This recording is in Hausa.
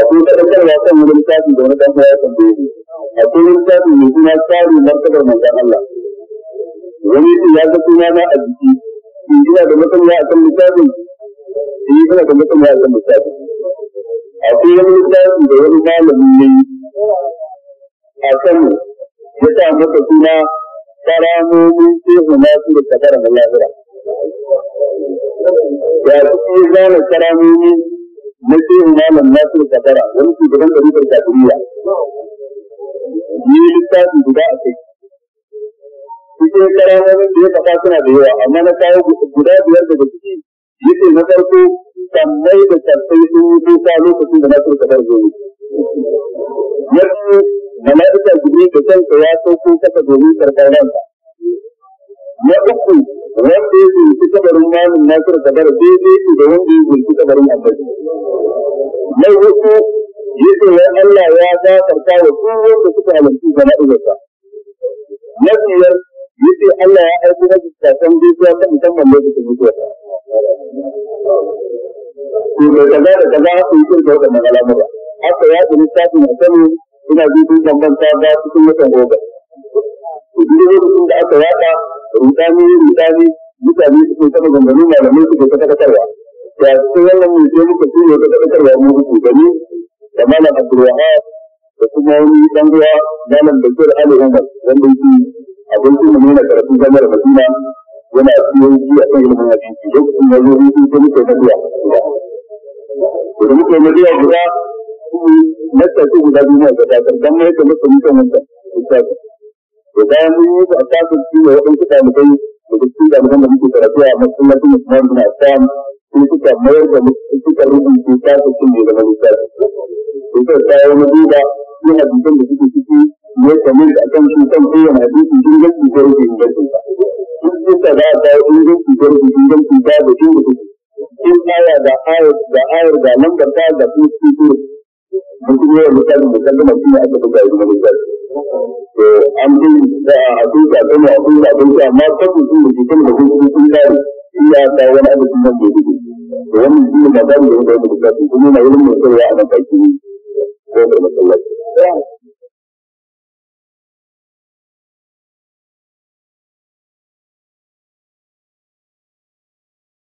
akwai kadakarwa kan wani da wani ya tambaye ni akwai wani littafi mai suna tsari martabar manzon Allah wani ya ga suna na a jiki in ina da masaniya a kan littafin in eh, ina da masaniya a kan littafin akwai wani littafi da wani malami ne a kan ya sa masa suna karamomin shehu na su da kadarar lahira ya fi zana karamomin na kiyin malam nasir kabara wani shugaban da rikar kafiriya yi littafi guda a kai cikin karamomin da ya faɗa suna da yawa amma na kawo guda biyar daga ciki yake na farko sammai da sassai sun wuce ta lokacin da nasir kabar zo ya ce mala'ika gudu da kansa ya sauko kasa domin karɓar ranka na uku wanda ya zai kabarin mamu na kira kabara daidai da wanda ya gunci kabarin annabi mai wasu yake wa Allah ya karta wa duk wanda suka halarci jana'izarsa na biyar yake Allah ya aiko na jikin gaisuwa ta musamman lokacin mutuwarsa to da kaza da kaza su yi kirka waɗannan al'amura haka ya ɗin littafin a sani ina bibin bambanta ba cikin watan roba. Idan lokacin da aka yaɗa rudani rudani mutane suke ta maganganu malamai suke ta kakatarwa da cikin wannan mai sai muka tuni ta kakatarwa mu uku gani da malam abdulwahab da kuma wani dan uwa malam bakir ali umar wanda yake abincin mu ne karatu gamar madina yana cikin ji a kan ilimin hadisi lokacin da zo mutum ta muke madiya da muke madiya guda nasta ce guda biyu ga dakar dan mai da mutum mutum mutum da mun yi a kafin ciwo waɗansu da dukkan jami'an da muke karatu a masallacin Usman suna samu sun suka mayar da suka rubuta tasu sun ne zama lissafi. Suka kawo na duba su hadisan da suke ciki ne kamar da akan su kan kowane hadisi inganci ko rufe ingancin sa. Sun suka za a kawo inganci ko rufe ingancin sa da sun rufe. Sun tsaya da ayar da ayar da lambar ta da sun suke. Mun kuma yawan misalin musamman shi ne aka buga ya zama lissafi. to an bi da hakika kuma hakika kun ta amma tabbacin da cikin da kun kun kare iya ta wani abu kuma da yake to wannan shi ne magana da yake da kuma na ilimin da ya ana kai ko da masallaci